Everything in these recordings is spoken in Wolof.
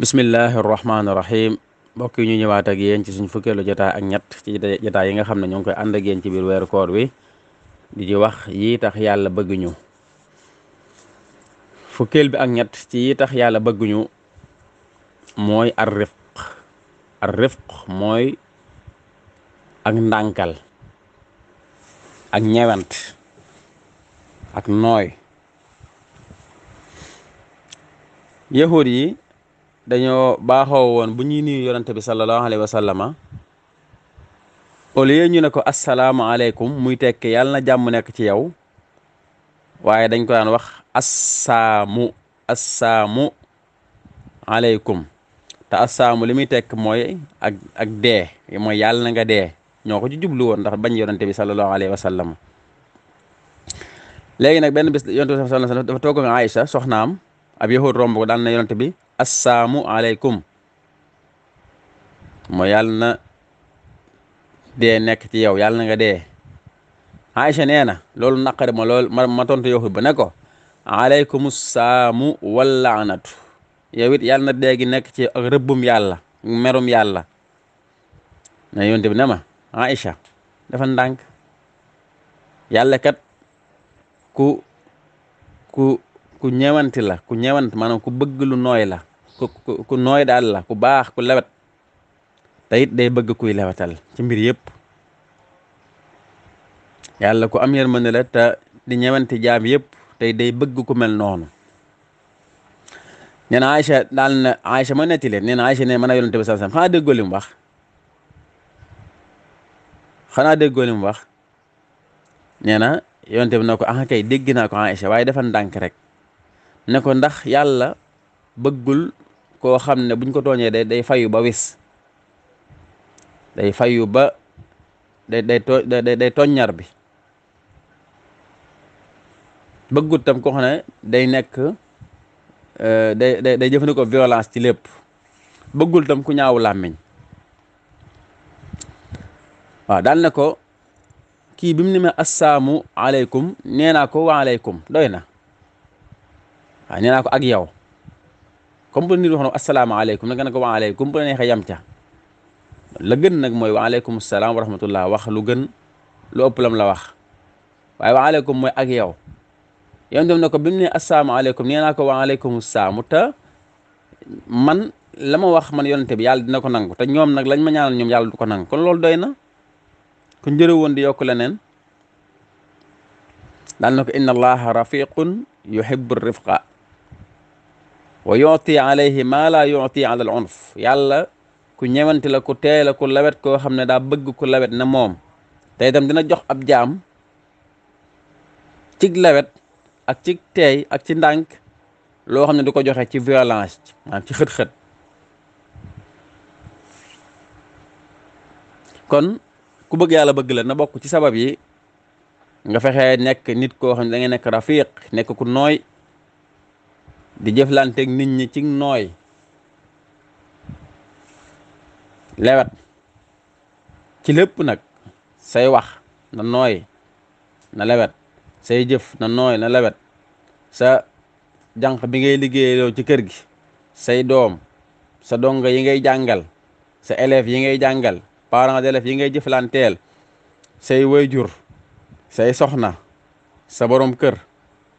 bismillahi rahmaani rahim mbokk yi ñu ñëwaat ak yéen ci suñ fukkeelu jotaay ak ñett ci yi nga xam ne ñu ngi koy ànd ak yéen ci biir weeru koor wi di ci wax yii tax yàlla bëgg ñu fukkeel bi ak ñett ci yii tax yàlla bëgguñu ñu mooy ar rifq mooy ak ndànkal ak ñewant ak nooy yahud yi dañoo baaxoo woon bu ñuy nuyu yonante bi sallallahu alayhi wa sallama au lieu ñu ne ko asalaamaaleykum muy tekki yàlla na jàmm nekk ci yow waaye dañ ko daan wax assaamu assaamu aleykum te assaamu li muy tekk mooy ak ak dee mooy yàlla na nga dee ñoo ko ci jublu woon ndax bañ yonante bi sallallahu alayhi wa sallam léegi nag benn bis yonante bi sallallahu alayhi wa sallam dafa toog ak soxnaam ab yahud romb ko daan na yonante bi assalaamu aleykum mooy yàlla na dee nekk ci yow yàlla na nga dee Aïcha nee na loolu naqari lool ma ma tontu yow ba ne ko aleykum saamu wallaanatu yow it yàlla na dee gi nekk ci ak rëbbum yàlla merum yàlla na yonte bi ne ma Aïcha dafa ndànk yàlla kat ku ku ku la ku ñëwant maanaam ku bëgglu nooy la ku ku nooy daal la ku baax ku lawet te it day bëgg kuy lewetal ci mbir yëpp yàlla ku am yërmande la te di ñëwanti jaam yépp tey day bëgg ku mel noonu nee na Aïcha daal na Aïcha ma netti leen nee na Aïcha ne a yonente bi sallallahu alayhi wasallam xanaa déggoo li mu wax xanaa déggoo li mu wax nee na yonente bi na ko ah kay dégg naa ko Aïcha waaye dafa ndànk rek ne ko ndax yàlla bëggul koo xam ne buñ ko tooñee day day fayu ba wis day fayu ba day day too day day tooññar bi bëggut tam koo xam ne day nekk euh, day day day jëfandikoo violence ci lépp bëggul tam ku ñaaw làmmiñ waaw daal na ko kii bi mu ne ma assaamu aleykum nee ko wa aleykum doy na waaw nee naa ko ak yow comme bu nit wax na asalaamaaleykum nag nga ne ko waaleykum yam ca la gën nag mooy waaleykum salaam wa rahmatullah wax lu gën lu ëpp lam la wax waaye waaleykum mooy ak yow yow dem na ko bi mu ne asalaamaaleykum nee naa ko waaleykum salaam man la ma wax man yonente bi yàlla dina ko nangu te ñoom nag lañ ma ñaanal ñoom yàlla du ko nangu kon loolu doy na ku njëre woon di yokk leneen daal na ko inna allaha rafiqun yuhibbu rifqa wa yuti alayhi maa laa yuti ala al unf yàlla ku ñëwante la ku teey la ku lawet koo xam ne daa bëgg ku lawet na moom te itam dina jox ab jaam cig lawet ak ci teey ak ci ndànk loo xam ne du ko joxe ci violence maanaam ci xët-xët kon ku bëgg yàlla bëgg la na bokk ci sabab yi nga fexe nekk nit koo xam ne da nga nekk rafiq nekk ku nooy di jëflanteeg nit ñi ci nooy lewet ci lépp nag say wax na nooy na lewet say jëf na nooy na lewet sa janq bi ngay liggéeyaloo ci kër gi say doom sa dongo yi ngay jàngal sa élèves yi ngay jàngal parents d'élèves yi ngay jëflanteel say wayjur say soxna sa borom kër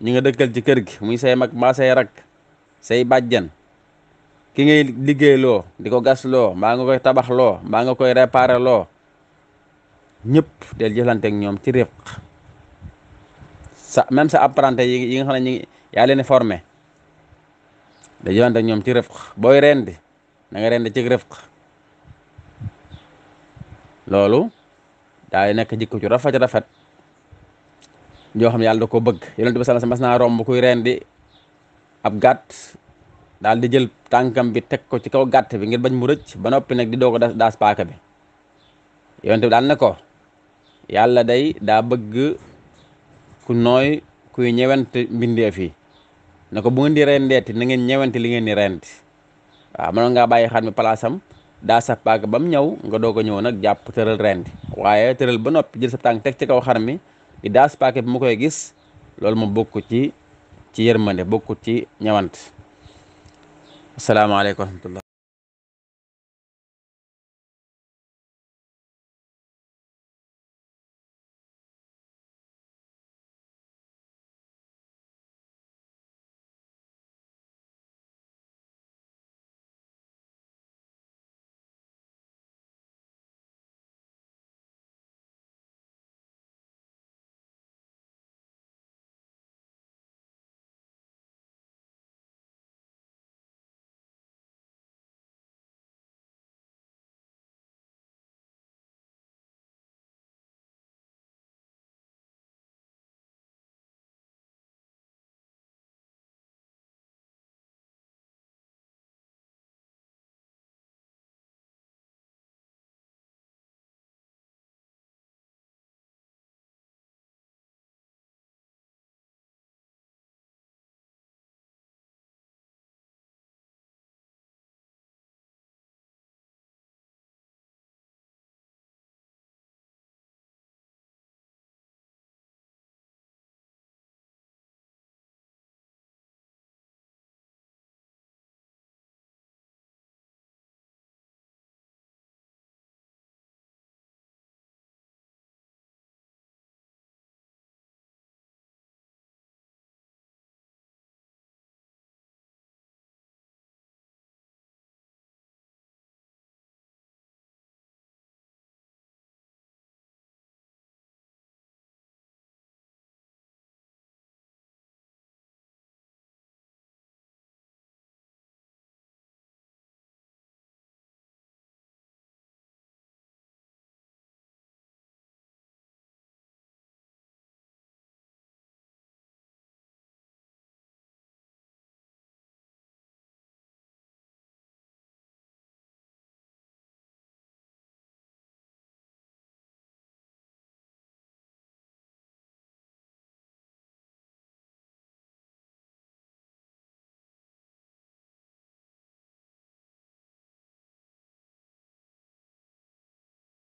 ñi nga dëkkal ci kër gi muy say mag mbaa say rak say bàjjan ki ngay lo diko gas lo ma nga koy lo ma nga koy réparer lo ñepp del jëflante ak ñom ci rek sa même sa apprenté yi nga xam ñi ya leen formé da jëflante ak ñom ci rek boy rend na nga rend ci réq loolu daay nekk jikko ci rafet rafet jo xam yalla da ko bëgg yonent bi sallallahu alayhi wasallam romb kuy rendi ab gàtt daal di jël tànkam bi teg ko ci kaw gàtt bi ngir bañ mu rëcc ba noppi nag di doo ko daas paaka bi yonent bi daal na ko yàlla day daa bëgg ku nooy kuy ñëwent mbindeef yi na ko bu ngeen di rendeeti na ngeen ñëwante li ngeen di rend waaw mënoon ngaa bàyyi xaat mi palaasam daa sa paaka ba mu ñëw nga doog a ñëw nag jàpp tëral waaye tëral ba noppi jël sa tànk teg ci kaw xar mi di daas paaka bi mu koy gis loolu mu bokk ci ci yërmande bokkut ci ñawant asalaamaaleykum wa rahmatullah